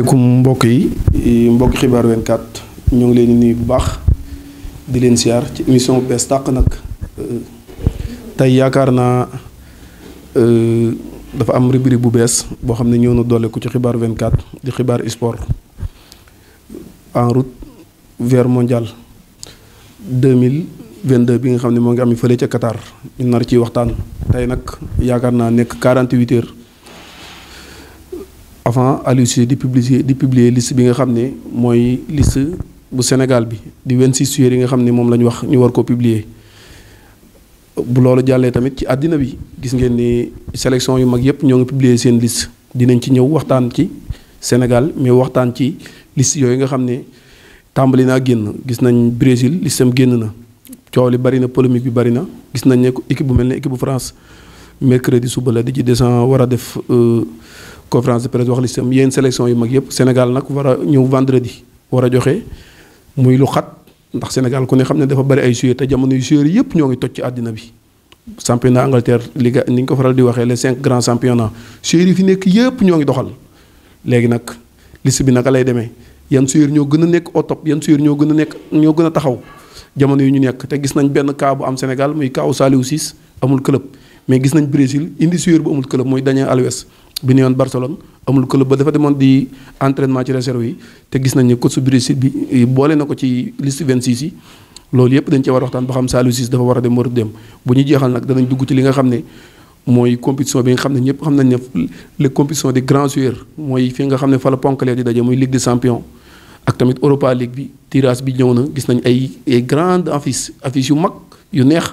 maaleykum mbokk yi eh, mbokk xibaar 24 ñoo ngi leen di nuyu bu baax di leen siyaar ci émission bu bees tàq nag eh, tey yaakaar naa eh, dafa am rubrique bu bees boo xam ne ñëw na doole ku ci xibaar 24 di xibaar sport en route vers mondial 2022 bi nga xam ne moo ngi am fële ca Qatar ñu nar ci waxtaan tey nag yaakaar naa nekk 48 heures. avant Aliou Cissé di publier di publier liste bi nga xam ne mooy list bu Sénégal bi di 26 joueurs yi nga xam ne moom la ñu wax ñu war ko publier bu loolu jàllee tamit ci àddina bi gis ngeen ni sélection yu mag yëpp ñoo ngi publier seen liste dinañ ci ñëw waxtaan ci Sénégal mais waxtaan ci liste yooyu nga xam ne tàmbali naa génn gis nañ Brésil listam génn na coow li bari na polémique bi bari na gis nañ ne équipe bu mel ne équipe bu France mercredi suba la di ci descend war a def. Euh, conférence de presse wax listam yéen sélection yu mag yëpp Sénégal nag war a ñëw vendredi war a joxe muy lu xat ndax Sénégal ku ne xam ne dafa bari ay joueurs te jamono yu joueurs yëpp ñoo ngi toj ci àddina bi. championnat Angleterre liga ni ñu ko faral di waxee le cinq grands championnats joueurs yi fi nekk yëpp ñoo ngi doxal léegi nag liste bi naka lay demee yan joueurs ñoo gën a nekk au top yan joueurs ñoo gën a nekk ñoo gën a taxaw jamono yu ñu nekk te gis nañ benn cas am Sénégal muy cas Saliou Ciss amul club mais gis nañ Brésil indi joueur bu amul club mooy Daniel Alves. bi ne woon Barcelone amul club ba dafa demoon di entraînement ci réserve yi te gis nañ ne coach Brésil bi eh, boole na ko ci liste 26 yi loolu yëpp dañ ci war waxtaan ba xam Saliou Ciss dafa war a dem war a dem bu ñu jeexal nag danañ dugg ci li nga xam ne mooy compétition bi nga xam ne ñëpp xam nañ ne les compétitions des grands mooy fi nga xam ne fa la ponkale di daje muy Ligue des champions ak tamit Europa League bi tirage bi ñëw na gis nañu ay ay grandes affiches yu mag yu neex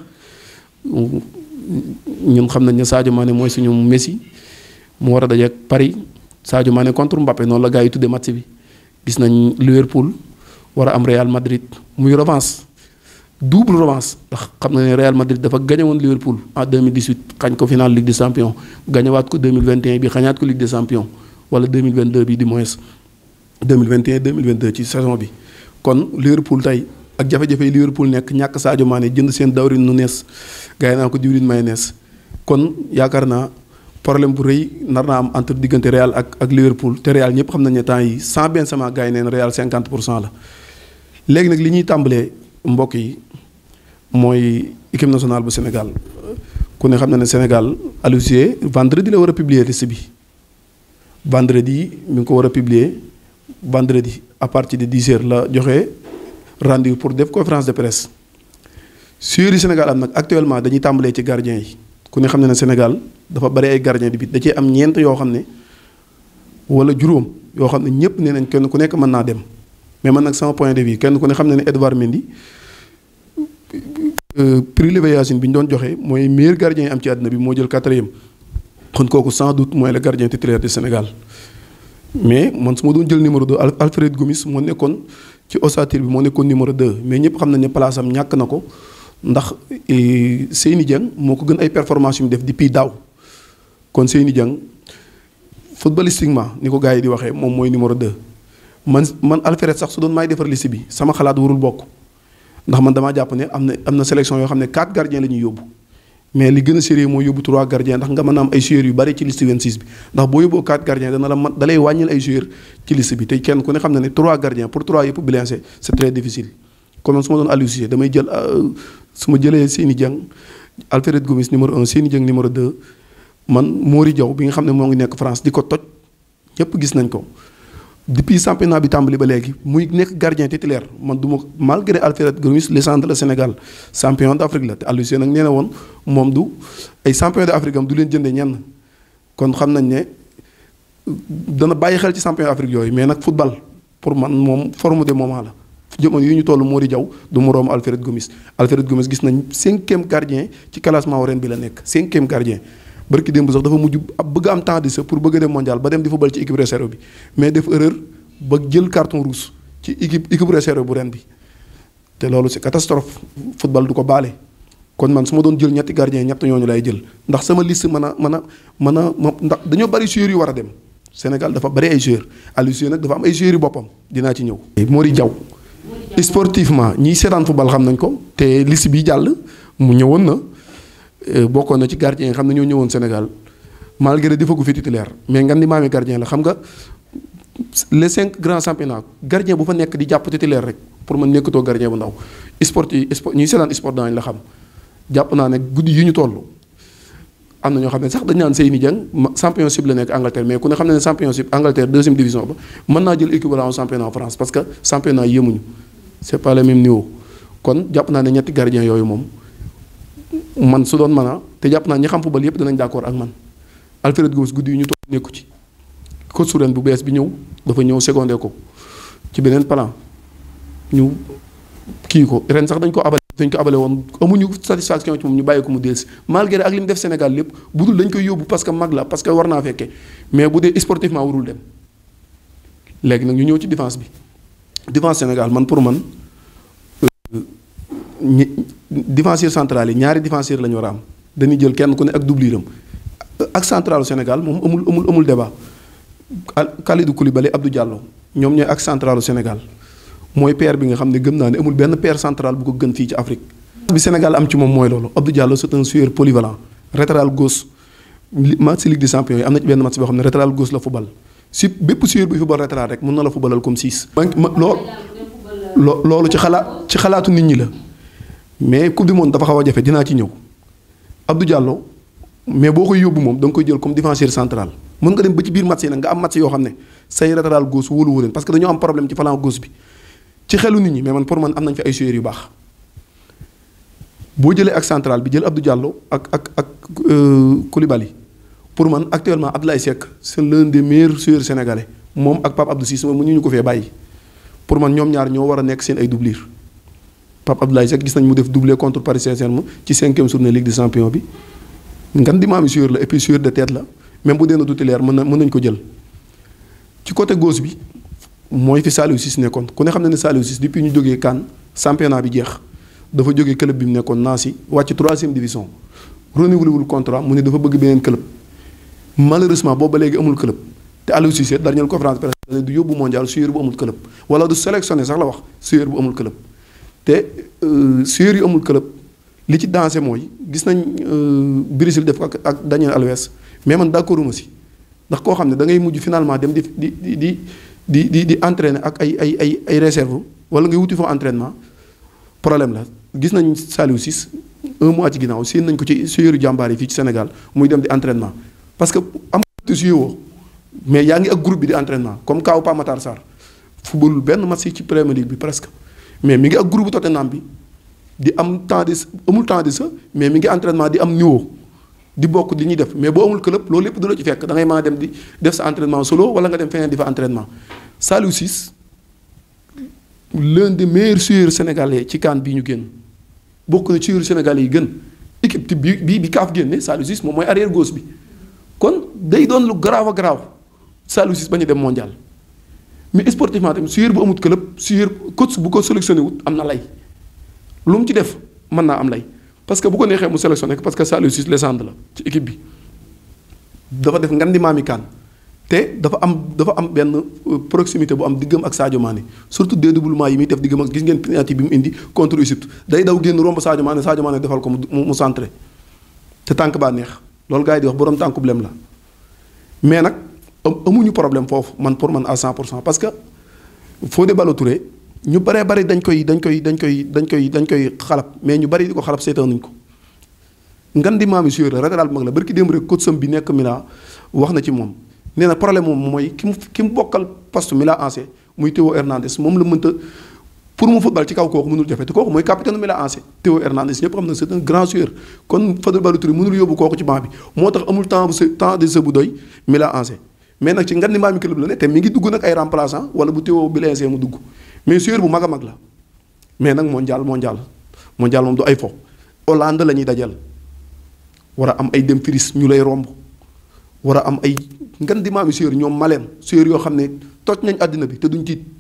ñun xam nañ ne Sadio Mané mooy suñu Messi mu war a dajeeg Paris Sadio Mané contre Mbappé noonu la gars yi tuddee match bi gis nañ Liverpool war a am Real Madrid muy revanche double revanche ndax xam na ne Real Madrid dafa gagné woon Liverpool en 2018 xañ ko final Ligue des Champions gagnéwaat ko 2021 bi xañaat ko Ligue des Champions wala 2022 bi du moins 2021 2022 ci saison bi kon Liverpool tey ak jafe-jafe yi Liverpool nekk ñàkk Sadio Mané jënd seen dawrin nu nees gars yi naa ko diwlin may nees kon yaakaar naa. problème bu rëy nar naa am entre diggante Real ak ak Liverpool te Real ñëpp xam nañ ne temps yi sans Benzema gars yi neen Real 50 pour cent la léegi nag li ñuy tàmbalee mbokk yi mooy équipe nationale bu Sénégal ku ne xam na ne Sénégal Aliou Cissé vendredi la war a publier liste bi vendredi mi ngi ko war a publier vendredi à partir de dix heures la joxe rendez-vous pour def conférence de presse sur Sénégal am nag actuellement dañuy tàmbalee ci gardien yi. ku ne xam ne ne Sénégal dafa bari ay gardien de but da cee am ñeent yoo xam ne wala juróom yoo xam ne ñëpp nee nañ kenn ku nekk mën naa dem mais man nag cent point de vue kenn ku ne xam ne ne Edouard Mendy euh, prix lévi bi ñu doon joxe mooy meilleur gardien am ci àddina bi moo jël quatrième kon kooku sans doute mooy le gardien titulaire du Sénégal mais man su ma doon jël numéro 2 Alfred Gomis moo nekkoon ci ossature bi moo nekkoon numéro 2 mais ñëpp xam nañ ne place am ñàkk na ko. ndax eh, Seyni Dieng moo ko gën ay performance yu mu def depuis daaw kon Seyni Dieng footballistiquement ni ko gars yi di waxee moom mooy numéro 2 man man Alfred sax su doon maay defar liste bi sama xalaat warul bokk ndax man damaa jàpp ne am na am yoo xam ne 4 gardiens la yóbbu mais li gën a sérieux mooy yóbbu 3 gardiens ndax nga mën a am ay joueurs yu bari ci liste 26 bi ndax boo yóbboo 4 gardiens dana la man dalay wàññil ay joueurs ci liste bi ne xam na ne 3 gardiens comme man su ma doon Aliou damay jël euh, su ma jëlee Seny Dieng Alfred Gomis numéro un Seny Dieng numéro deux man moori jaw bi nga xam ne moo ngi nekk France di ko toj ñëpp gis nañ ko. depuis championnat bi tàmbali ba léegi muy nekk gardien titulaire man du ma malgré Alfred Gomis légende la Sénégal champion d' Afrique la te Aliou nag nee woon moom du ay champion d' Afrique am du leen jëndee ñenn kon xam nañ ne dana bàyyi xel ci champion d' yooyu mais nag football pour man moom forme de moment la. jamono yi ñu toll Mody jaw du moroom Alfred Gomis Alfred Gomis gis nañ cinquième gardien ci classement ren bi la nekk cinquième gardien barki démb sax dafa mujj ab bëgg am temps di sa pour bëgg a dem mondial ba dem di football ci équipe réserve bi mais def erreur ba jël carton rouge ci équipe équipe réserve bu ren bi te loolu c'est catastrophe football du ko baale kon man su ma doon jël ñetti gardien ñett ñooñu lay jël ndax sama liste mën a mën a mën a ndax dañoo bari joueurs yu war a dem Sénégal dafa bari ay joueurs Aliou Cissé ay joueurs boppam dinaa ci ñëw. Mody Diaw sportivement ñiy seetaan football xam nañ ko te liste bi jàll mu ñëwoon na euh, bokkoon na ci gardien yi xam ne ñoo ñëwoon Sénégal malgré defagu fi titulaire mais nga ni maami gardien la xam nga le cinq grands championnats gardien bu fa nekk di jàpp titulaire rek pour man nekkatoo gardien bu ndaw sport yi sport ñiy seetaan sport daañu la xam jàpp naa ne guddi yi ñu toll am na ñoo xam ne sax dañ naan Seyni Dieng championship la nekk Angleterre mais ku ne xam ne ne championship c'est pas le même niveau kon jàpp naa ne ñetti gardien yooyu moom man su doon mën a te jàpp naa ñi xam football yëpp danañ d'accord ak man Alfred Gomis guddi yu ñu toog nekku ci coach Souren bu bees bi ñëw dafa ñëw secondé ko ci beneen plan ñu kii ko ren sax dañ ko abale dañ ko abale woon amuñu satisfaction ci moom ñu bàyyi ko mu dellusi malgré ak li def Sénégal lépp bu dul dañ koy yóbbu parce que mag la parce que war naa fekke mais bu dee sportivement warul dem léegi nag ñu ñëw ci défense bi devant Sénégal man pour man euh, ñi défenseur yi ñaari défenseur la ñu war a am dañuy jël kenn ku ne ak doubliram ak centralu Sénégal moom amul amul amul débat Kalidou Koulibaly Abdou Diallo ñoom ñooy ak centralu Sénégal mooy paire bi nga xam ne gëm naa ne amul benn paire centrale bu ko gën fii ci Afrique. bi Sénégal am ci moom mooy loolu Abdou Diallo c'est un joueur polyvalent. latéral gauche match Ligue des Champions yi am na ci benn match boo xam ne latéral gauche si bépp suur bi football retraite rek mun na la footballal comme six. ma loo loolu ci xalaat ci xalaatu nit ñi la mais coupe bi monde dafa xaw a jafe dinaa ci ñëw Abdou Diallo mais boo koy yóbbu moom da nga koy jël comme défenseur central. mën nga dem ba ci biir match yi nag nga am match yoo xam ne say latéral gauche wóolu wóoleen parce que dañoo am problème ci flanc gauche bi ci xelu nit ñi mais man pour man am nañ fi ay joueurs yu baax boo jëlee ak central bi jël Abdou Diallo ak ak ak euh, Koulibaly pour man actuellement Abdoulaye Seck c'est l'un des meilleurs joueurs sénégalais moom ak Pape Abdou Cissé moom mënuñu ko fee bàyyi pour man ñoom ñaar ñoo war a nekk seen ay doublure Pape Abdoulaye Seck gis nañ mu def doublé contre Paris Saint-Germain ci cinquième journée Ligue des Champions bi ngan di maami joueur la et puis joueur de tête la même bu dee na titulaire mën na mën nañ ko jël ci côté gauche bi mooy fi Saliou Ciss nekkoon ku ne xam ne ne Saliou Ciss depuis ñu jógee CAN championnat bi jeex dafa jógee club bi mu nekkoon Nancy wàcc troisième division renouvelé wul contrat mu ne dafa bëgg beneen club malheureusement boobu léegi amul club te Aliou Cissé dernière conférence presse du yóbbu mondial joueur bu amul club wala du sélectionné sax la wax joueur bu amul club te joueur euh, yu amul club li ci dansé mooy gis nañ euh, Brésil def ko ak ak Daniel Alves mais man d'accorduma si ndax koo xam ne da ngay mujj finalement dem di di di di di di di entraîner ak ay ay ay ay réserve wala ngay wuti fa entraînement problème la gis nañ Saliou Ciss un mois ci ginnaaw séen nañ ko ci joueur jàmbaar fii ci Sénégal muy dem di entraînement parce que am joué mais yaa ngi ak groupe bi di entraînement comme Kaaw Pa Matar Sarr footballul benn match ci Premier League bi presque mais mi ngi ak groupe Tottenham bi di am temps de amul temps de jeu mais mi ngi entraînement di am niveau di bokk li ñuy def mais boo amul club loolu lépp du la ci fekk dangay maa dem di def sa entraînement solo wala nga dem feneen di fa entraînement Saliou Ciss l'un des meilleurs joueurs sénégalais ci CAN bii ñu génn bokk na ci joueurs yi gën équipe bi bi bi kaaf génne Saliou Ciss moom mooy arrière gauche bi. kon day doon lu garaaw a grave Saliou Ciss bañ a dem mondial mais sportivement tamit su yër bu amut club su yër bu ko sélectionné wut am na lay lu mu ci def mën naa am lay parce que bu ko neexee mu sélectionné parce que Saliou Ciss légende la ci équipe bi dafa def ngan di maami kaan te dafa am dafa am benn euh, proximité bu am diggam ak Sadio Mané surtout dédoublement yi muy def diggam ak gis ngeen penalty bi mu indi contre Égypte day daw génn romb Sadio Mané Sadio Mané defal ko mu mu centré te tànk baa loolu gars yi di wax boroom tànku blem la mais nag amuñu problème foofu man pour man à 100 pour cent parce que Fodé Ballo-Touré ñu baree bari dañ koy dañ koy dañ koy dañ koy dañ koy xalab mais ñu bari di ko xalab seetaanuñ ko. ngan di maam yi la latéral mag la barki démb rek coach sam bi nekk Milan wax na ci moom nee na problème moom mooy ki mu ki mu bokkal poste Milan AC muy Théo Hernandez moom la mënta. pour mu football ci kaw kooku mënul jafe te kooku mooy capitaine u Milan AC Théo Hernandez ñëpp xam na c'est un grand joueur kon Fadel Ballo-Touré mënul yóbbu kooku ci banc bi moo tax amul temps temps bu doy Milan AC mais nag ci ngan ni maami club la ne te mi ngi dugg nag ay remplaçant wala bu Théo bi blessé mu dugg mais joueur bu mag a mag la mais nag mondial mondial mondial moom du ay fo Hollande la ñuy dajal war a am ay dem firis ñu lay romb war a am ay ngan di maami ñoom maleen joueur yoo xam ne toj nañ àddina bi te duñ tiit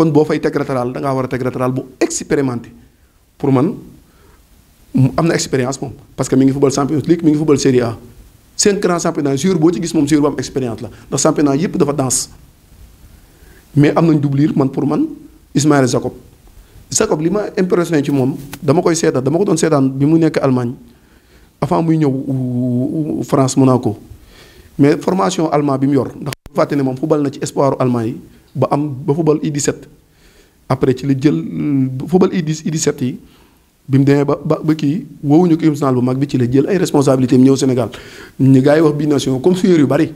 kon boo fay teg latéral da ngaa war a teg latéral bu expérimenté pour man am na expérience moom parce que mi ngi football Champions League mu ngi football Serie A seen grand championnat joueur boo ci gis moom joueur bu am expérience la ndax championnat yépp dafa danse mais am nañ doublure man pour man Ismaël Jacob Jacob li ma impressionné ci moom dama koy seetaan dama ko doon seetaan bi mu nekk Allemagne avant muy ñëw France Monaco mais formation allemand bi mu yor ndax fàtte ne moom football na ci espoiru Allemagne yi ba am ba football U17 après ci li jël euh, football U10 set yi bi mu demee ba ba kii woowuñu ko national bu mag bi ci la jël ay responsabilités mu ñëw Sénégal ñu gars yi wax bi nation comme suyeer yu bari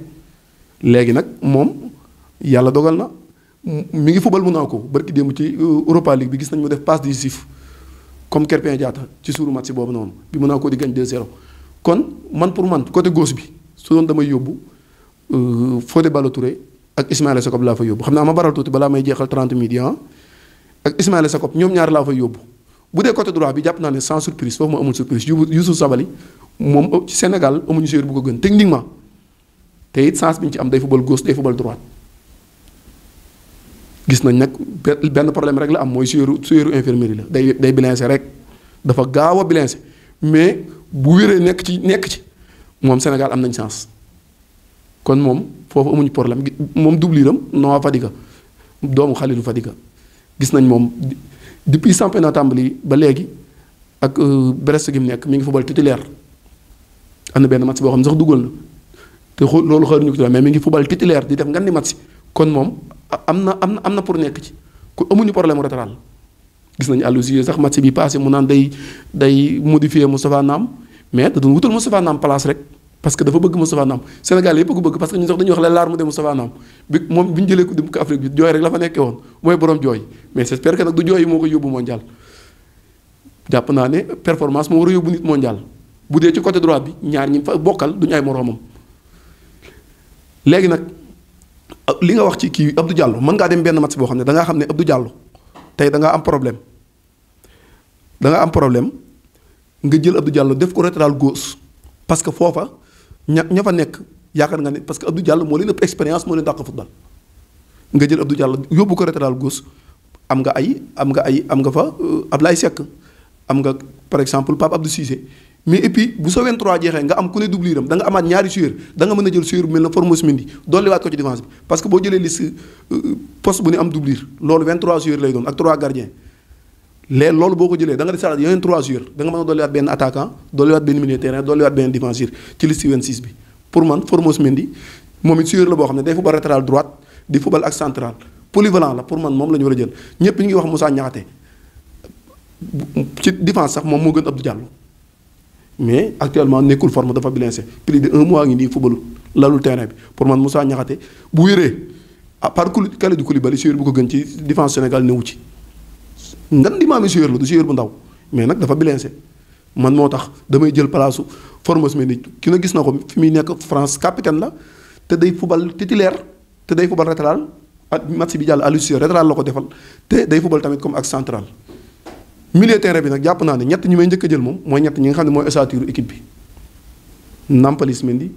léegi nag moom yàlla dogal na mu ngi mun football ko barki démb ci euh, Europa League bi gis nañ mu def passe décisif comme Krépin Diatta ci suuru match boobu noonu bi Monaco di gañ 2-0 kon man pour man côté gauche bi su doon damay yóbbu euh, Fodé Ballo Touré ak Ismaïla Sakop laa fa yóbbu xam naa ma baral tuuti balaa may jeexal 30 millions ah. ak Ismaïla Sakop ñoom ñaari laa fa yóbbu bu dee côté droit bi jàpp naa ne sans surprise foofu ma amul surprise Youssouf Sabali moom oh, ci Sénégal amuñu séer bu ko gën techniquement te it sens bi ñu ci am day football gauche day football droite gis nañ nag benn problème rek la am mooy séeru séeru infirmerie la day day bilancé rek dafa gaaw a bilancé mais bu wéree nekk ci nekk ci moom Sénégal am nañ sens moom. foofu amuñu problème moom doubliram Noah Fadiga doomu Khalilou Fadiga gis nañ moom depuis championnat tàmbali ba léegi ak euh, Brest gi nekk mu ngi football titulaire am na benn match boo xam ne sax dugal na te xool loolu xaaruñu ko mais mi ngi football titulaire di def nga di match kon moom am na am na am na pour nekk ci ku amuñu problème latéral gis nañu àllu si sax match bi passé mu naan day day modifier Moustapha Naam mais da doon wutal Moustapha Naam place rek. parce que dafa bëgg Moustapha Nam Sénégal yëpp ko bëgg parce que ñun sax dañuy wax la larme de Moustapha Nam bi moom bi ñu jëlee ko dem Afrique bi jooy rek la fa nekkee woon mooy borom jooy mais j'espère que nag du jooy yi moo ko yóbbu mondial jàpp naa ne performance moo war a yóbbu nit mondial bu dee ci côté droit bi ñaar ñi fa bokkal duñu ay moroomam léegi nag li nga wax ci kii Abdou Diallo mën ngaa dem benn match boo xam ne da xam ne Abdou Diallo tey da ngaa am problème da am problème nga jël Abdou Diallo def ko latéral gauche parce que foofa ña ña fa nekk yaakaar nga ne parce que du jàll moo leen ëpp expérience moo leen dàq football nga jël Abdou Diallo yóbbu ko latéral gauche am nga ay am nga ay am nga fa euh, Ablaye Seck am nga par exemple Pape Abdou Cissé mais et puis bu sa 23 jeexee nga am ku ne doublure am amaat ñaari suyeer da mën a jël suyeer bu mel ne Formose Mendy dolliwaat ko ci défense bi parce que boo jëlee liste euh, euh, poste bu ne ak 3 gardiens. léegi loolu boo ko jëlee da nga desaat yeneen trois jours da nga mën a dolliwaat benn attaquant dolliwaat benn milieu terrain dolliwaat benn défenseur ci liste 26 bi pour man Formose Mendy moom it suyeer la boo xam ne day football latéral droite di football ak central polyvalent la pour man moom la ñu war a jël ñëpp ñu ngi wax Moussa Niakhaté ci défense sax moom moo gën Abdou jàll mais actuellement nekkul forme dafa blessé plus de un mois ngi nii football lalul terrain bi pour man Moussa Niakhaté bu wéree à part Kalidou Koulibaly suyeer bu ko gën ci défense Sénégal newu ci. ngan di maami joueur la du joueur bu ndaw mais nag dafa bilancé man moo tax damay jël palaasu Formose Mendy ki na gis na ko fi muy nekk France capitaine la te day fubal titulaire te day fubal latéral ak match bi jàll Aliou Cissé latéral la ko defal te day fubal tamit comme ak central. milieu terrain bi nag jàpp naa ne ñett ñi may njëkk a jël moom mooy ñett ñi nga xam ne mooy ossature équipe bi Nampalys Mendy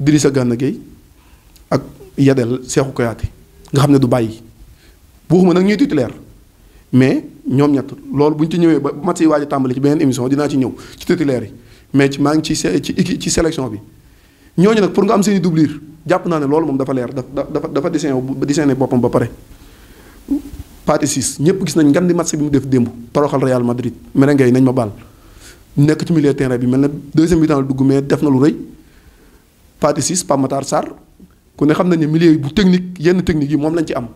Idrissa Gana Gueye ak Yedel Cheikhou Kouyaté nga xam ne du bàyyi buuxuma nag ñuy titulaire. mais ñoom ñett loolu bu ñu ci ñëwee ba match yi waaj a tàmbali ci beneen émission dinaa ci ñëw ci titulaire yi mais ci maa ngi ci ci ci sélection bi ñooñu nag pour nga am seen i doublure jàpp naa ne loolu moom dafa leer dafa dafa dessin dessiné boppam ba pare. partie 6 ñëpp gis nañ ngan di match bi mu def démb toroxal Real Madrid merengue yi nañ ma baal nekk ci milieu terrain bi mel na deuxième mi-temps la dugg mais def na lu rëy partie 6 Pape Matar Sarr ku ne xam nañ ne milieu bu technique yenn technique yi moom lañ ci am.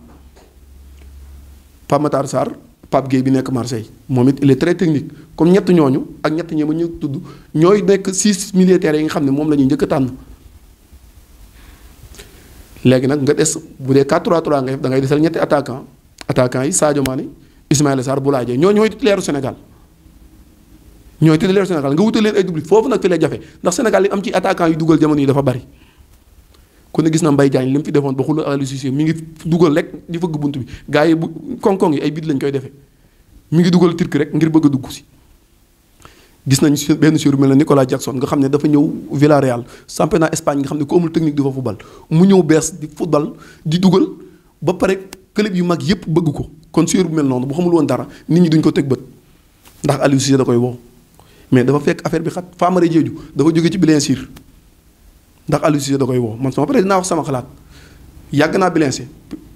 Pape Matar Sarr Pape bi nekk Marseille moom it il est très technique comme ñett ñooñu ak ñett ñi ma ñu tudd ñooy nekk six militaires yi nga xam ne moom la ñuy njëkk a tànn léegi nag nga des bu dee 4-3-3 nga def da ngay desal ñetti attaquant attaquant yi Sadio Mané Ismaïla Sarr Boulaye Dieng ñoo ñooy titulaire Sénégal ñooy titulaire Sénégal nga wutal leen ay double foofu nag fi lay jafe ndax Sénégal li am ci attaquant yi dugal jamono yi dafa bari. kon ne gis na mbay Diagne li mu fi defoon ba xuloo Aliou Cissé ngi dugal rek di fëgg bunt bi gars yi bu koŋ-koŋ yi ay bit lañ koy defee mi ngi dugal turki rek ngir bëgg a dugg si gis nañ benn joueur mel ne Nicolas Jackson nga xam ne dafa ñëw Villarreal sampena Espagne nga xam ne ku amul technique di fa football mu ñëw bees di football di dugal ba pare club yu mag yépp bëgg ko kon joueur bu mel noonu bu xamul woon dara nit ñi duñ ko teg bët ndax Aliou Cissé koy woo mais dafa fekk affaire bi xat Famara Diédhiou dafa jóge ci blessure ndax Aliou Cissé da koy woo man sama pare dinaa wax sama xalaat yàgg naa bilancé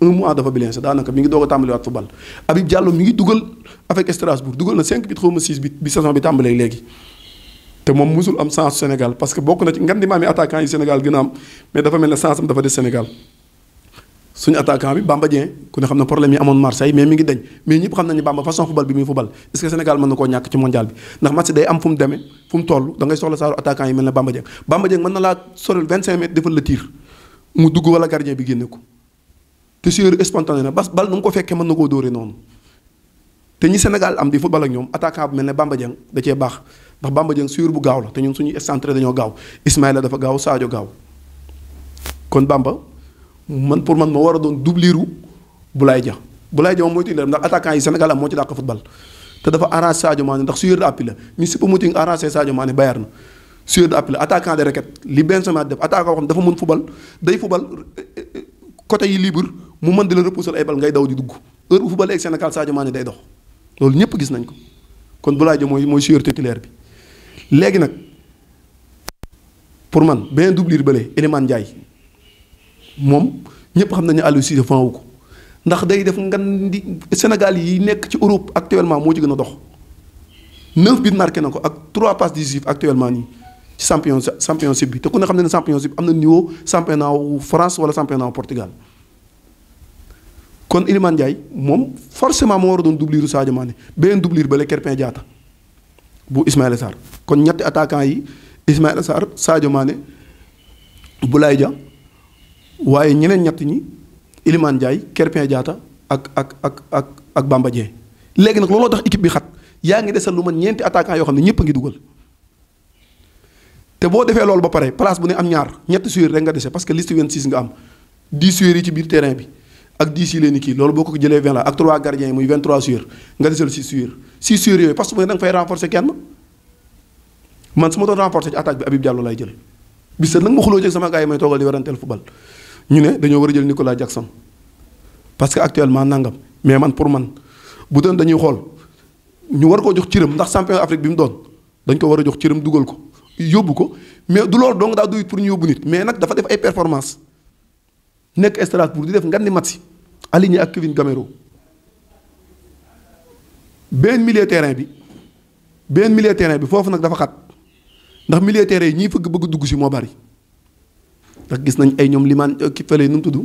un mois dafa bilancé daanaka mi ngi doo doog a tàmbaliwaat football Habib Diallo mi ngi dugal avec Strasbourg dugal na 5 bit xaw ma 6 bit bi saison bi tàmbalee léegi te moom musul am sens Sénégal parce que bokk na ci ngan di maami attaquant yi Sénégal gën a am mais dafa mel ne sens am Sénégal suñu attaquant bi Bamba Dieng ku ne xam ne problème yi amoon Marseille mais mi ngi dañ mais ñëpp xam nañu Bamba façon football bi muy football est-ce que Sénégal mën na koo ñàkk ci mondial bi ndax match day am fu mu demee fu mu toll da ngay soxla saaru attaquant yi mel ne Bamba Dieng Bamba Dieng wala gardien bi génne ko sur spontané na bas bal nu mu ko fekkee mën na koo dóoree te ñi Sénégal am di football ak ñoom attaquant bu mel ne Bamba Dieng da cee baax ndax Bamba Dieng sur bu gaaw te ñun suñu centre dañoo gaaw Ismaïla dafa gaaw Sadio gaaw kon Bamba man pour man moo war a doon doubliru Boulaye Dia Boulaye Dia moom mooy tuuti ndax attaquant yi Sénégal am moo ci dàq football te dafa arrangé Sadio Mané ndax sueur de appui la mi suppa moting arrangé Sadio Mané Bayern na sueur de appui la attaquant de raquette li Benzema def attaquant xam dafa mën football day eh, eh, yi libre mu mën di la repousser ay bal ngay daw di dugg heure bu football ak Sénégal Sadio Mané day dox loolu ñëpp gis nañ ko kon Boulaye Dia mooy mooy sueur titulaire bi léegi nag pour man beneen doublure bële Elimane moom ñëpp xam nañu Aliou Cissé ko ndax day def nga di Sénégal yi nekk ci Europe actuellement moo ci gën a dox neuf bi marqué na ko ak trois passes décisives actuellement nii ci champion championship bi te ku ne xam ne ne championship am na niveau championnat wu France wala championnat wu Portugal kon Iliman moom forcément moo war doon doublure Sadio Mané beneen doublure bale Krépin Diatta bu Ismaïla Sarr kon ñetti attaquant yi Ismaïla Sarr Sadio Mané Boulaye ja waaye ñeneen ñett ñi Iliman Ndiaye Krépin Diatta ak ak ak ak ak Bamba Dieng léegi nag looloo tax équipe bi xat yaa ngi desal lu man ñeenti attaquant yoo xam ne ñëpp ngi dugal te boo defee loolu ba pare place bu ne am ñaar ñett suyeer rek nga dese parce que liste 26 nga am 10 suyeer yi ci biir terrain bi ak 10 yi leen i kii loolu boo ko jëlee 20 la ak 3 gardiens yi muy 23 suyeer nga desal 6 suyeer 6 suyeer yooyu parce que bu ne da nga fay renforcer kenn man su ma doon renforcer ci attaque bi Habib Diallo lay jëlee ñu ne dañoo war a jël Nicolas Jackson parce que actuellement nangam mais man pour man bu doon dañuy xool ñu war koo jox cëram ndax champion Afrique bi mu doon dañ ko war a jox cëram dugal ko yóbbu ko mais du loolu dong daa doy pour ñu yóbbu nit mais nag dafa def ay performance nekk Strasbourg di def nga ni match aline ak Kevin Gamero benn millier terrain bi benn milieu terrain bi foofu nag dafa xat ndax milieu terrain yi ñuy fëgg bëgg dugg si moo bari ndax gis nañ ay ñoom limaan euh, ki fële nu mu tudd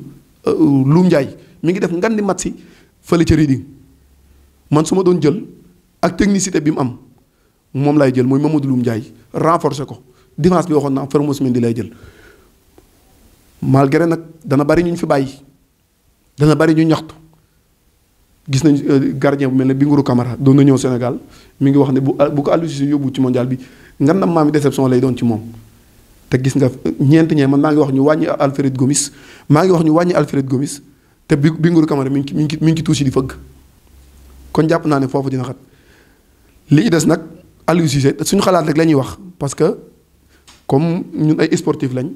euh, Loum Ndiaye mi ngi def ngan di mat si fële ca Reading man su ma doon jël ak technicité bi mu am moom lay jël mooy Mamadou Loum njaay renforcer ko défense bi waxoon na naa Ferland Ousmane di lay jël malgré nag dana bari ñu fi bàyyi dana bari ñu ñaxtu gis nañ euh, gardien bu mel ne Bingourou Kamara doon na ñëw Sénégal mi ngi wax ne bu bu ko Aliou yóbbu ci mondial bi ngan na maam yi déception lay doon ci moom. te gis nga ñeent ñee man maa ngi wax ñu wàññi Alfred Gomis maa ngi wax ñu wàññi Alfred Gomis te bi bi Nguru Kamara mi ngi mi ngi mi ngi ci tuuti di fëgg kon jàpp naa ne foofu dina xat li ci des nag Aliou Cissé suñu xalaat rek la ñuy wax parce que comme ñun ay sportif lañ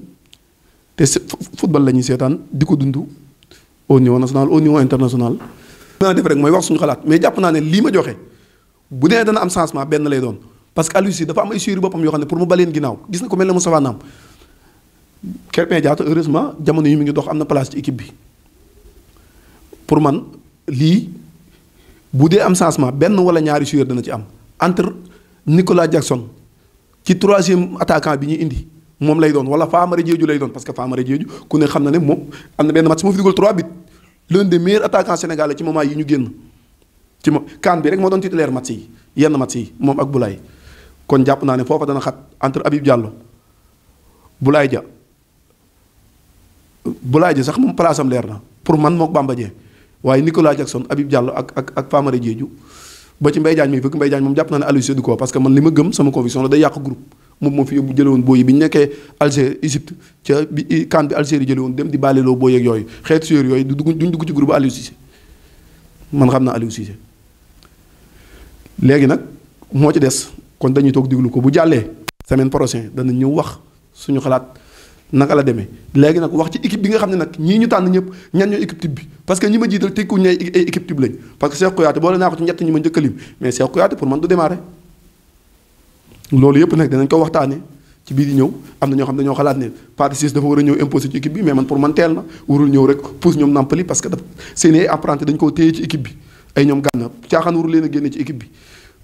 te se football la ñuy seetaan di ko dund au niveau national au niveau international. li ma def rek mooy wax suñu xalaat mais jàpp naa ne lii ma joxe bu dee dana am changement benn lay doon parce que Aliou Cissé dafa am ay suuri boppam yoo xam ne pour mu baleen ginnaaw gis na ko mel ne Moustapha Naam Krépin Diatta heureusement jamono yi mu ngi dox am na place ci équipe bi pour man lii bu dee am changement benn wala ñaari suur dana ci am entre Nicolas Jackson ci troisième attaquant bi ñu indi moom lay doon wala Famara Diédhiou lay doon parce que Famara Diédhiou ku ne xam na ne moom am na benn match moo fi dugal 3 buts l'un des meilleurs attaquants ñu génn ma bi rek moo doon titulaire match yi yenn match yi moom ak Boulaye kon jàpp naa ne foofa dana xat entre Habib Diallo Boulaye Dia Boulaye Dia sax moom place am leer na pour man mook Bamba Dieng waaye Nicolas Jackson Habib Diallo ak ak ak Famara Diédhiou ba ci Mbaye Diagne mi fekk Mbaye Diagne moom jàpp naa ne Aliou Sédou ko parce que man li ma gëm sama conviction la day yàq groupe moom moo fi yóbbu jële woon booy yi bi ñu nekkee Algérie Égypte ca bi bi Algérie jële woon dem di bàlleloo boo yeeg yooyu xeet séer yooyu du dugg duñ dugg ci groupe Aliou Cissé man xam naa Aliou léegi nag moo ci des kon dañuy toog diglu ko bu jàllee semaine prochaine dana ñëw wax suñu xalaat naka la demee léegi nag wax ci équipe bi nga xam ne nag ñii ñu tànn ñëpp ñan ñoo équipe type bi parce que ñi ma jiital tekkuñ ne ay équipe type lañ parce que Cheikh Kouyaté boole naa ma njëkk a lim yëpp nag danañ ko waxtaanee ci biir na ñoo xam ne ñoo xalaat a ñëw imposé ci que daf seen ay apprenti dañ koo téye ci équipe bi ay ñoom gànna caaxaan warul leen a génne ci équipe bi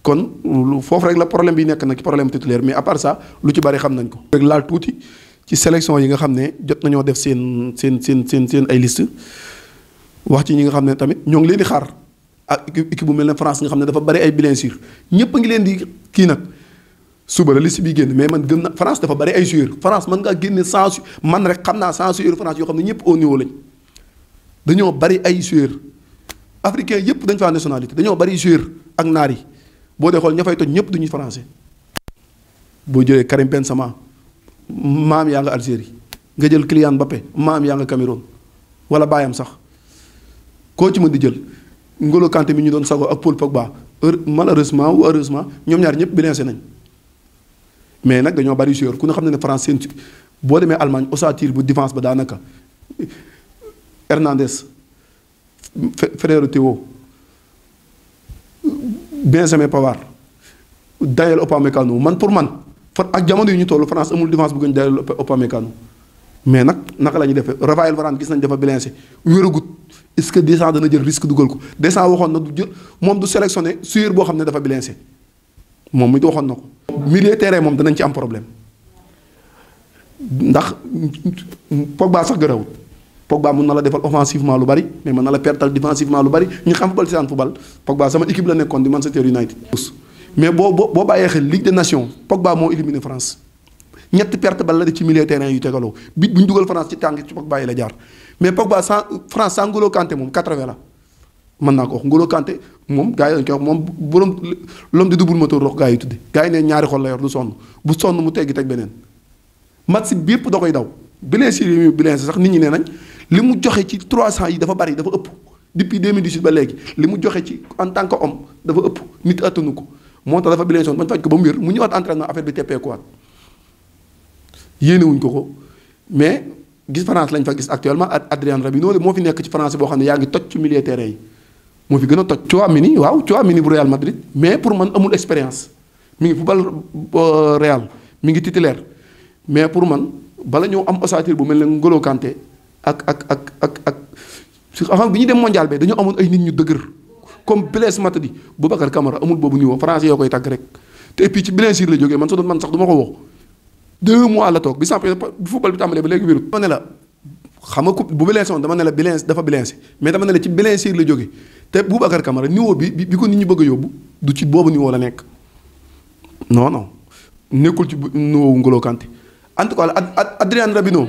kon lu foofu rek la problème bi nekk nag problème titulaire mais à part lu ci bari xam nañ ko. rek laal tuuti ci sélection yi nga xam ne jot nañoo def seen seen seen seen ay liste wax ci ñi nga xam ne tamit ñoo ngi leen di xaar ak équipe bu mel ne France nga xam ne dafa bari ay blessures ñëpp a ngi leen di kii nag. suba la liste bi génn mais man gën na France dafa bari ay joueurs France man ngaa génne sans man rek xam naa sans joueurs France yoo xam ne ñëpp au niveau lañ dañoo bari ay joueurs africain yëpp dañ faa nationalité dañoo bari joueurs ak naar yi boo dee xool ña fay toj ñëpp duñu français boo jëlee Karim Benzema maam yaa nga Algérie nga jël Kylian Mbappé maam yaa nga Cameroun wala baayam sax koo ci mën di jël Ngolo Kanté mi ñu doon sago ak Paul Pogba malheureusement ou heureusement ñoom ñaar ñëpp bilancé nañ mais nag dañoo bari joueur ku ne xam ne ne France seen boo demee Allemagne ossature bu défense ba daanaka Hernandez frère Théo Benjamin Pavard dayal Upamecano man pour man fa ak jamono yu ñu toll France amul défense bu gën dayal Upamecano mais nag naka la ñuy defee Raphaël Varane gis nañ dafa blessé wéragut est-ce que Deschamps dana jël risque dugal ko Deschamps waxoon na du jël moom du sélectionné suyur boo xam ne dafa blessé moom mi waxoon na ko. milieu terrain moom danañ ci am problème ndax Pogba sax gërawut Pogba mun na la defal offensivement lu bari mais mën na la pertal défensivement lu bari ñu xam football seetaan football Pogba sama équipe la nekkoon di Manchester United. mais boo boo boo bàyyee xel Ligue des Nations Pogba moo éliminé France ñetti perte bal la ci milieu terrain yu tegaloo bit bu ñu dugal France ci tànk ci Pogba yi la jaar mais Pogba sans France sans Ngolo Kanté moom 80 la. mën naa ko wax Ngolo Kanté moom gars yi dañ koy wax moom borom l'homme de double moteur rox gars yi tudde gars yi ne ñaari xol la yor du sonn bu sonn mu teggi teg beneen match bi yëpp da koy daw blessure yi blessé sax nit ñi nee nañ li mu joxe ci trois 300 yi dafa bari dafa ëpp depuis 2018 ba léegi li mu joxe ci en tant que homme dafa ëpp nit attanu ko moo tax dafa blessé woon bañ faj ko ba mu wér mu ñëwaat entraînement affaire bi teppeekuwaat yéene wuñ ko ko mais gis France lañ fa gis actuellement ak Adrien Rabiot moo fi nekk ci France boo xam ne yaa ngi toj ci milieu terrain yi moo fi gën a toj. Tchouaméni waaw ni bu Real Madrid mais pour man amul expérience mi ngi football euh, Real mi ngi titulaire mais pour man bala ñëw am ossature bu mel ne Ngolo Kanté ak ak ak ak ak avant bi ñu dem mondial bi dañoo amoon ay nit ñu dëgër comme Blaise Matuidi Boubacar Kamara amul boobu niveau français yoo koy tàgg rek te et puis ci blessure la jógee man su doon man ma ko wax deux bi samp bu football bi tàmbalee ba la xam nga coupe bu blessé woon dama ne la blessé dafa blessé mais dama ne la ci blessure la jógee te Boubacar Kamara niveau bi bi ko nit ñi a yóbbu du ci boobu niveau la nekk non ci niveau Ngolo Kanté en tout cas Adrien Rabiot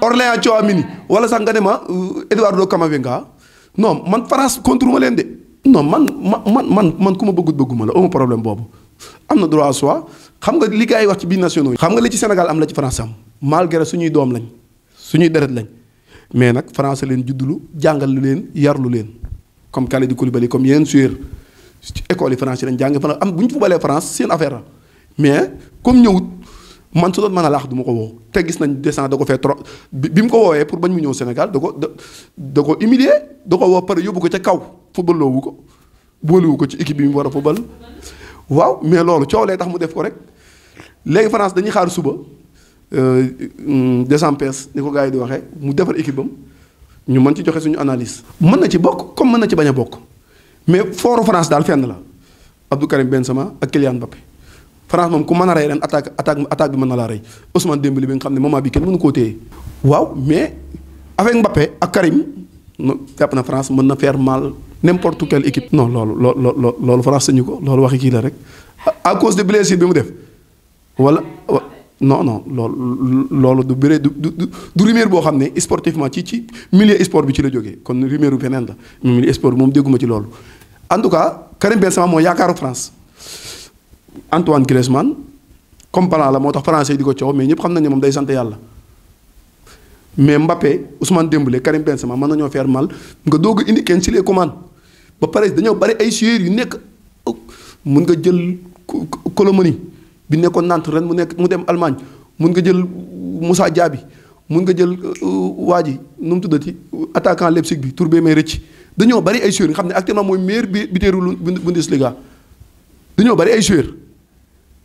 Orléans Tchouaméni wala sax nga ne ma euh, Eduardo Camavinga non man France contre leen de non man ma man man man ku ma bëggut bëgguma la amu problème boobu am na droit soit xam nga li gars yi wax ci biir nationaux yi. xam nga li ci Sénégal am la ci France am malgré suñuy doom lañ suñuy deret lañ mais nag France leen juddulu jàngal lu leen yar leen comme Kalidou Koulibaly comme yeneen suyeer ci école yi France yi lañ jàng fan am bu ñu fu balee France seen affaire mais comme ñëwut. man su doon man a laax du ma ko woo te gis nañ descend da ko fee trop bi mu ko woowee pour bañ mu ñëw Sénégal da ko da ko humilier da ko woo pare yóbbu ko ca kaw football loowu ko boolewu ko ci équipe bi mu war a football waaw mais loolu coow lee tax mu def ko rek léegi France dañuy xaar suba euh, Desampes ni ko gars yi di waxee mu defar équipe am ñu mën ci joxe suñu analyse. mën na ci bokk comme mën na ci bañ a bokk mais fooru France daal fenn la Abdou Karim Benzema ak Kylian Mbappé. France moom ku mën a rey ren attaque attaque attaque bi mën na laa rey Ousmane Dembélé bi nga xam ne moment bi kenn mënu koo téye waaw mais avec Mbappé ak Karim jàpp na France mën na faire mal loo loo loolu France sañu ko loolu waxi kii la rek à cause de blessure bi mu def wala non non loolu loolu du bëree du du du rumeur boo xam ne sportivement ci ci milieu sport bi ci la jógee kon rumeur bu feneen la milieu sport bi moom dégguma ci loolu en tout cas Karim moo yaakaaru France. Antoine Griezmann comme parent la moo tax français yi di ko coow mais ñëpp xam nañ ne moom day sant yàlla mais Mbappé Ousmane Dembélé Karim Benzema mën nañoo faire mal nga doog a indi kenn ci les commandes ba pare dañoo bari ay joueurs yu nekk mun nga jël Colomani bi nekkoon Nantes ren mu nekk mu dem Allemagne mun nga jël Moussa Diaby mun nga jël euh, waa ji nu mu tuddati attaquant Leipzig bi Touré may rëcc dañoo bari ay joueurs nga xam ne actuellement mooy meilleur buteur bu Bundesliga dañoo bari ay joueurs.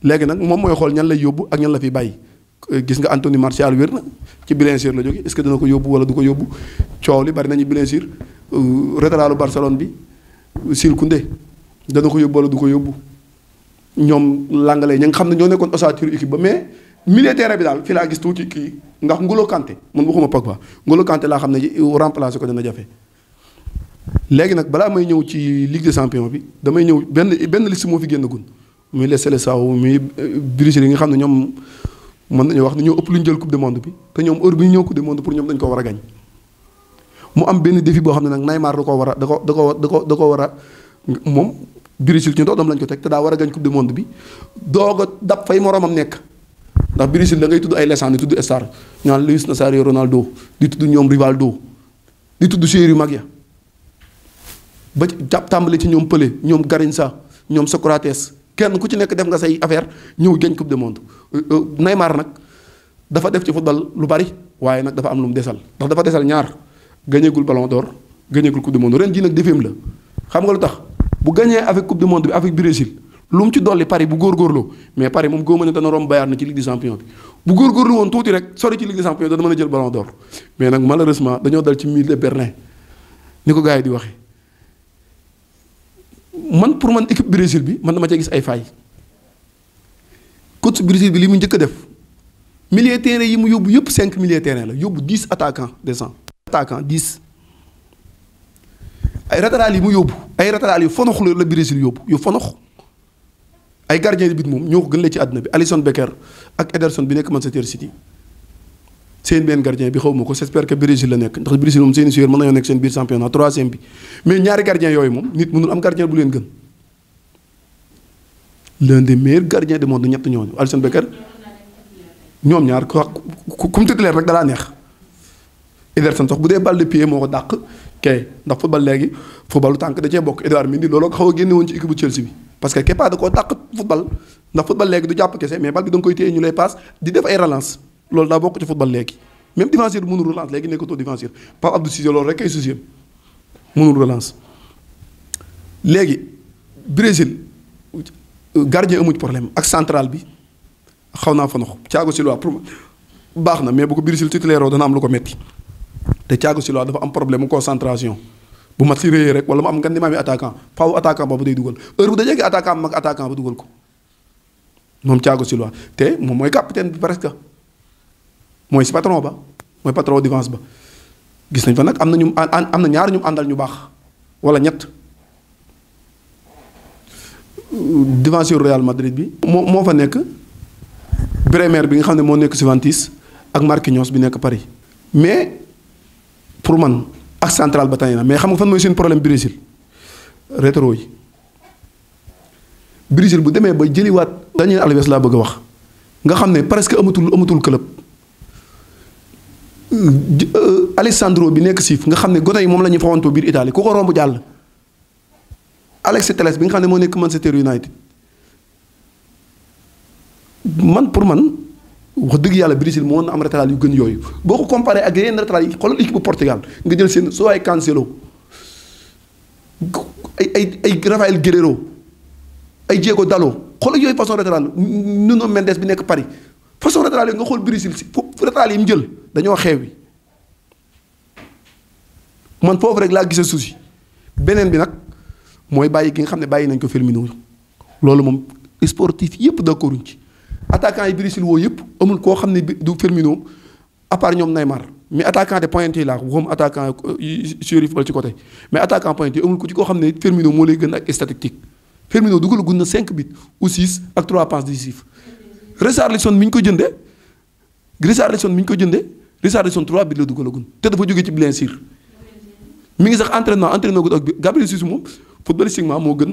léegi nag moom mooy xool ñan lay yóbbu ak ñan la fi bàyyi gis nga Anthony Martial wér na ci blessure la jóge est-ce que dana ko yóbbu wala du ko yóbbu coow li bari nañu blessure retralu Barcelone bi Jules Koundé dana ko yóbbu wala du ko yóbbu ñoom langale ña nga xam ne ñoo nekkoon ossature équipe ba mais milieu terrain bi daal fii laa gis tuuti kii ndax Ngolo Kanté man waxuma Pogba Ngolo Kanté laa xam ne remplacer ko dana jafe. léegi nag balaa may ñëw ci Ligue des bi damay ñëw benn benn liste moo fi génn muy les Seleção muy Bruxelles euh, yi nga xam ne ñoom mën nañu wax ne ñoo ëpp lu jël coupe du monde bi te ñoom heure bi ñu ñëw coupe du monde pour ñoom ko war a gañ mu am benn défi boo xam ne nag Neymar da da ko da ko da ko da ko war a moom Brésil ci ndoxam lañ ko teg te daa war a gañ coupe du monde bi doog a dab fay moroomam nekk ndax Brésil da ngay tudd ay légende di tudd star ñu naan Luis Nazario Ronaldo di tudd ñoom Rivaldo di tudd séeri yu mag ya ba jàpp ci ñoom Pelé ñoom Garrincha ñoom Socrates kenn ku ci nekk def nga say affaire ñëw gañ coupe du monde euh, euh, Neymar nag dafa def ci football lu bari waaye nag dafa am lu mu desal ndax dafa desal ñaar gañeegul ballon d'or gañeegul coupe du monde ren jii nag defeem la xam nga lu tax bu gañee avec coupe du monde bi avec Brésil lu mu ci dolli Paris bu góorgóorloo mais Paris moom góoma ne dana romb Bayern na ci Ligue des champions bi bu góorgóorlu woon tuuti rek sori ci Ligue des champions dana mën a jël ballon d'or mais nag malheureusement dañoo ci mille de Berlin ni ko gars yi di waxee man pour man équipe Brésil bi man dama cee gis ay fay coach Brésil bi li mu njëkk def milieu terrain yi mu yóbbu yëpp cinq millier terrain la yóbbu dix attaquant descend attaquant dix ay latéral yi mu yóbbu ay latéral yu fonox la la Brésil yóbbu yu fonox ay gardien de but moom ñoo ko gën la ci àdduna bi Alisson Becker ak Ederson bi nekk Manchester City seen benn gardien bi xaw ma ko j'espère que Brésil la nekk ndax Brésil moom seen joueur mën nañoo nekk seen biir championnat troisième bi mais ñaari gardien yooyu moom nit mënul am gardien bu leen gën l'un des meilleurs gardiens du monde ñett ñooñu Alisson Becker ñoom ñaar ku ku ku mu rek dalaa neex Ederson sax bu dee balle de moo ko dàq kay ndax football léegi football tànk da cee bokk Edouard Mendy looloo ko xaw a génne woon ci équipe bu Chelsea bi parce que Kepa da koo dàq jàpp kese mais bal bi ñu lay paas di def ay relance loolu daa bokk ci football léegi même défenseur bi mënul relance léegi nekkatoo défenseur Pape Abdou Cissé loolu rek kay souci mënul relance léegi Brésil gardien amuñ problème ak central bi xaw naa fa nox Thiago Silva pour baax na mais bu ko Brésil titulaire dana am lu ko metti te Thiago Silva dafa am problème concentration bu mat si réyee rek wala mu am nga ni maa mi attaquant faaw attaquant boobu day dugal heure bu dajee ak attaquant mag attaquant ba ko moom Thiago Silva te moom mooy capitaine bi presque mooy si patron ba mooy patron divance ba gis nañ fa nag am na ñu am na ñaar ñu àndal ñu baax wala ñett défenseur Real Madrid bi. moo moo fa nekk Bremer bi nga xam ne moo nekk si Juventus ak Marquinhos bi nekk Paris. mais pour man ak central ba tane na mais xam nga fan mooy seen problème Brésil rétro yi Brésil bu demee ba jëliwaat. Daniel Alves laa bëgg a wax nga xam ne presque amatul amatul club. Euh, Alessandro bi nekk siif nga xam ne gone yi moom la ñu fawantoo biir Italie ku ko romb jàll. Alex Telles bi nga xam ne moo nekk Manchester United man pour man wax dëgg yàlla Brésil moo na am latéral yu gën yooyu boo ko comparé ak yeneen latéral yi xoolal équipe bu Portugal nga jël seen soo ay Cancelo ay ay ay Rafael Guerreiro ay Diego Dalot xoolal yooyu façon latéral Nuno Mendes bi nekk Paris façon latéral nga xool Brésil si foofu latéral yi mu jël. dañoo xeewi man foofu rek laa gisee souci beneen bi nag mooy bàyyi gi nga xam ne bàyyi nañ ko Firmino loolu moom sportif yëpp d'accord ci attaquant yi Brésil woo yëpp amul koo xam ne du Firmino à part ñoom Neymar mais attaquant de pointe yi laa waxum attaquant euh, Chérif bal ci côté mais attaquant pointe amul ko ci koo xam ne Firmino moo lay gën ak statistique Firmino dugal gun na 5 buts ou 6 ak 3 passes décisives Richarlison mi ñu ko jëndee Richarlison mi ñu ko jëndee. Richarlison 3 bi la dugalagul te dafa jógee ci blessure mi ngi sax entraînement entraînement gu ak bi Gabriel Suisse moom footballistiquement moo gën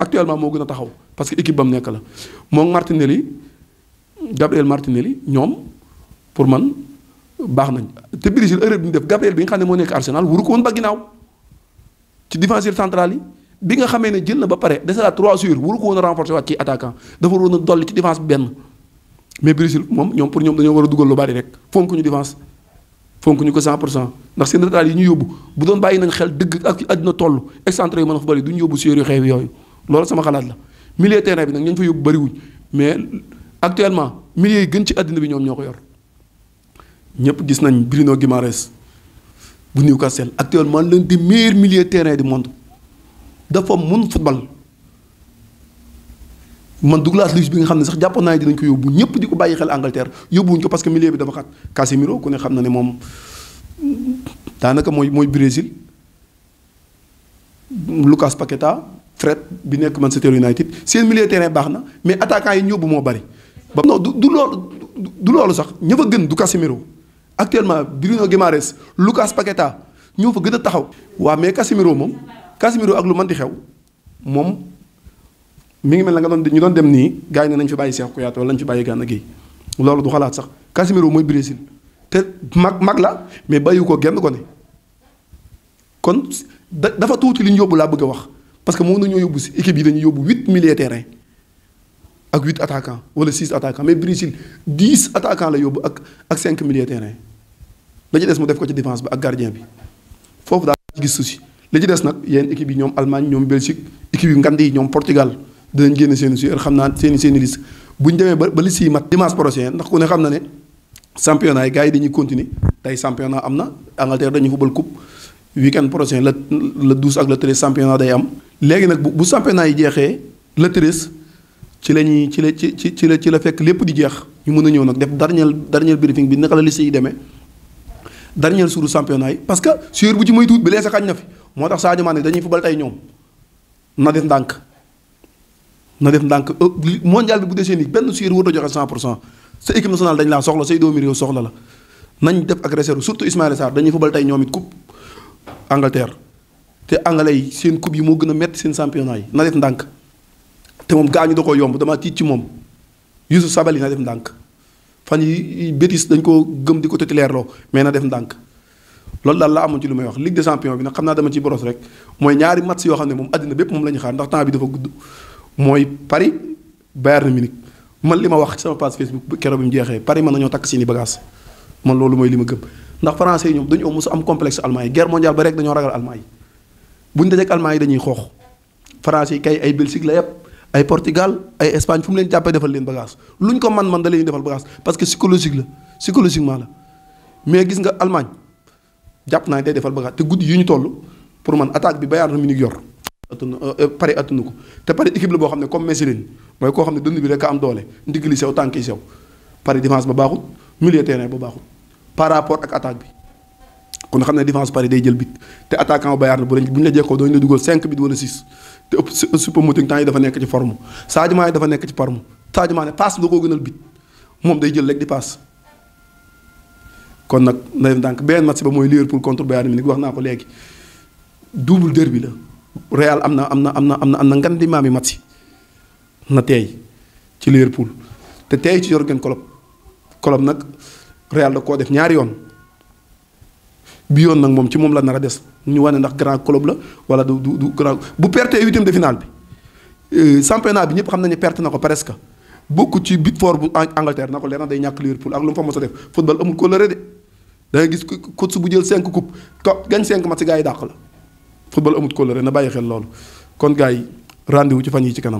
actuellement moo gën a taxaw parce que équipe bam nekk la moom Martinelli Gabriel Martinelli ñoom pour man baax nañ te Brésil erreur bi ñu bi nga xam ne moo nekk Arsenal wuru ko woon ba ginnaaw ci défenseur central yi bi nga xamee ne jël na ba pare desala trois sur wuru ko a renforcer waat ci attaquant dafa waroon a dolli benn mais Brésil moom ñoom pour ñoom dañoo war a dugal lu bari rek fonk ñu défense fonk ñu ko 100 pour cent ndax seen retard yi ñu yóbbu bu doon bàyyi nañ xel dëgg ak àddina toll excentré yu mën a fa bëri duñu yóbbu séeréer xew yooyu loolu sama xalaat la milieu terrain bi nag ñu fa yóbbu bëriwuñ mais actuellement milieu yi gën ci àddina bi ñoom ñoo ko yor ñëpp gis nañ Bruno Guimaraes bu Newcastle actuellement l'un des meilleurs milieux terrain du monde dafa mun football man Douglas Luiz bi nga xam ne sax jàppoon naa ko yóbbu ñëpp di ko bàyyi xel Angleterre yóbbuwuñ ko parce que milieu bi dafa xat Casemiro ku ne daanaka mooy mooy Brésil Lucas Paqueta Fred bi nekk Manchester United seen milieu terrain baax na mais attaquant yi ñóbbu moo bari. ba non du du loolu du loolu sax ña gën du Casemiro actuellement Bruno Guimaraes Lucas Paqueta ñoo fa gën a taxaw. waa mais Casemiro moom Casemiro ak lu mën di xew moom. mi ngi mel na nga doon ñu doon dem nii gars yi ne nañ fi bàyyi Cheikh Kouyaté wala nañ fi bàyyi Gana Gueye loolu du xalaat sax Casemiro mooy Brésil te mag mag la mais bàyyi ko genn ko ne kon dafa tuuti li ñu yóbbu laa bëgg wax parce que moom nañoo yóbbu si équipe yi dañuy yóbbu huit milieu terrain ak huit attaquant wala six attaquant mais Brésil dix attaquant la yóbbu ak cinq milieu terrain la ci des mu def ko ci défense bi ak gardien bi foofu daal gis si li ci des nag yenn équipe yi ñoom Allemagne ñoom Belgique équipe yu ngand yi ñoom Portugal dinañ génn seen sueur xam naa seen i seen i bu demee ba ba liste yi mat dimanche prochain ndax ku ne xam na ne championnat yi gars yi dañuy continuer tey championnat am na Angleterre dañuy football coupe weekend prochain la le 12 ak le 13 championnat day am. léegi nag bu bu championnat yi jeexee le ci la ñuy ci la ci ci ci la ci la fekk lépp di jeex ñu mën a ñëw nag def dernier dernier briefing bi naka la liste yi demee. dernier suuru championnat yi parce que suur bu ci moy tuut bi leesa xañ na fi moo tax Sadio Mané dañuy fubal tey ñoom na def ndànk na def ndànk euh, mondial bi bu desee nii benn suyeer warut a joxe 100 pour cent sa équipe nationale dañ laa soxla say doomi réew soxla la nañ def ak réserve surtout Ismaïla Sarr dañuy fubal tey ñoom it coupe Angleterre te anglais yi seen coupe yi moo gën a metti seen championnat yi na def ndànk te moom gaañu da koo yomb damaa tiit ci moom Youssouf Sabaly na def ndànk fan yi Betis dañ koo gëm di ko titulaire loo mais na def ndànk loolu daal la amoon ci lu may wax Ligue des champions bi ci boros rek ñaari match yoo xam ne moom àddina bépp moom la ñu xaar ndax temps bi dafa gudd mooy Paris Bayern Munich man li ma wax ci sama page Facebook keroog bi mu jeexee Paris man nañoo takk seeni bagage man loolu mooy li ma gëm ndax français yi ñoom dañoo mos am complexe allemand yi guerre mondiale ba rek dañoo ragal allemand yi bu ñu dajeek allemand yi dañuy xoox français yi kay ay Belgique la yëpp ay Portugal ay Espagne fu mu leen jàppee defal leen bagage luñ ko man man da leen defal bagage parce que psychologique la psychologiquement la mais gis nga Allemagne jàpp naa ne day defal bagage te guddi yu ñu toll pour man attaque bi Bayern Munich yor. attunu euh, euh, pare attunu ko te pare équipe la boo xam ne comme Messi mooy koo xam ne dënd bi rek am doole ndigg li sew tànk yi sew pare défense ba baaxut milieu terrain ba baaxut par rapport ak attaque bi kon xam ne défense pare day jël bit te attaquant Bayern bu lañ bu ñu la jekkoo dooñu la dugal 5 bit wala 6 te ëpp Choupo-Moting temps yi dafa nekk ci forme Sadio Mané dafa nekk ci forme Sadio Mané passe nga koo gënal bit moom day jël rek di passe kon nag ndayem ndànk beneen match ba mooy Liverpool contre Bayern Munich wax naa ko léegi double derby la Real am na am na am na am na am na ngan di maami na teey ci Liverpool te teey ci Jürgen Klopp Klopp nag Real da koo def ñaari yoon bi yoon nag moom ci moom la nar a des ñu wane ndax grand club la wala du du du grand bu perte huitième de finale bi euh, championnat bi ñëpp xam nañu perte na ko presque bokk ci big four bu Angleterre na ko leer na day ñàkk Liverpool ak lu mu fa mos def football amul kóllëre de da ngay gis coach bu jël cinq coupe gañ cinq match gars yi dàq la. football amut kóllëre na bàyyi xel loolu kon gars yi rendez-vous ci fan yi ci kanam.